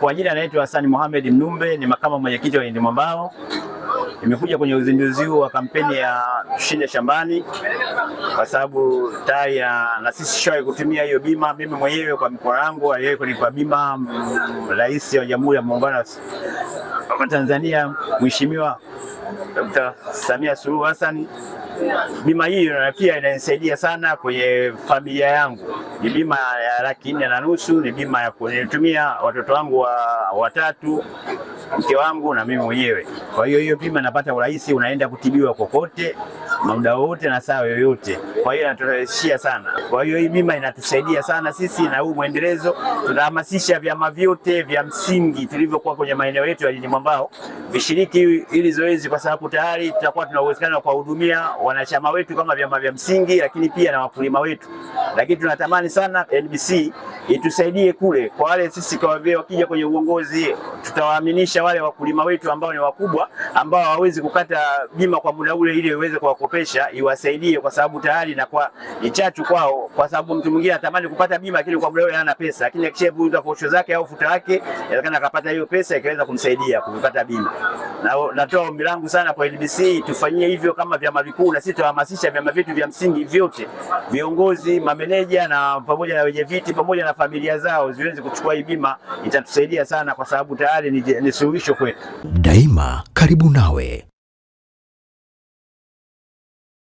Kwa jina anaitwa Hassan Mohamed Mnumbe, ni makamu mwenyekiti wa Indi Mwambao. Nimekuja kwenye uzinduzi huu wa kampeni ya Shinde Shambani kwa sababu tayari na sisi shawahi kutumia hiyo bima. Mimi mwenyewe kwa mikoa yangu aliwahi kunipa bima Rais wa Jamhuri ya Muungano wa Tanzania Mheshimiwa Dr. Samia Suluhu Hassan. Bima hiyo na pia inanisaidia sana kwenye familia yangu ni bima ya laki nne na nusu, ni bima ya kunitumia watoto wangu wa watatu, mke wangu na mimi mwenyewe. Kwa hiyo hiyo bima napata urahisi, unaenda kutibiwa kokote muda wowote na saa yoyote. Kwa hiyo inaturahisishia sana. Kwa hiyo hii bima inatusaidia sana sisi, na huu mwendelezo tunahamasisha vyama vyote vya msingi tulivyokuwa kwenye maeneo yetu ya Jijini Mwambao vishiriki ili zoezi, kwa sababu tayari tutakuwa tuna uwezekano wa kuwahudumia wanachama wetu kama vyama vya msingi, lakini pia na wakulima wetu lakini tunatamani sana NBC itusaidie kule kwa wale sisi, kwa vile wakija kwenye uongozi, tutawaaminisha wale wakulima wetu ambao ni wakubwa, ambao hawawezi kukata bima kwa muda ule, ili iweze kuwakopesha, iwasaidie kwa sababu tayari na kwa ni chachu kwao, kwa sababu mtu mwingine anatamani kupata bima, lakini kwa muda ule hana pesa, lakini akishavuta posho zake au futa yake, inawezekana akapata hiyo pesa ikaweza kumsaidia kupata bima na natoa ombi langu sana kwa NBC tufanyie hivyo kama vyama vikuu, na sisi tuhamasisha vyama vyetu vya msingi vyote, viongozi, mameneja na pamoja na wenye viti pamoja na familia zao ziweze kuchukua hii bima. Itatusaidia sana kwa sababu tayari ni, ni suluhisho kwetu. Daima karibu nawe.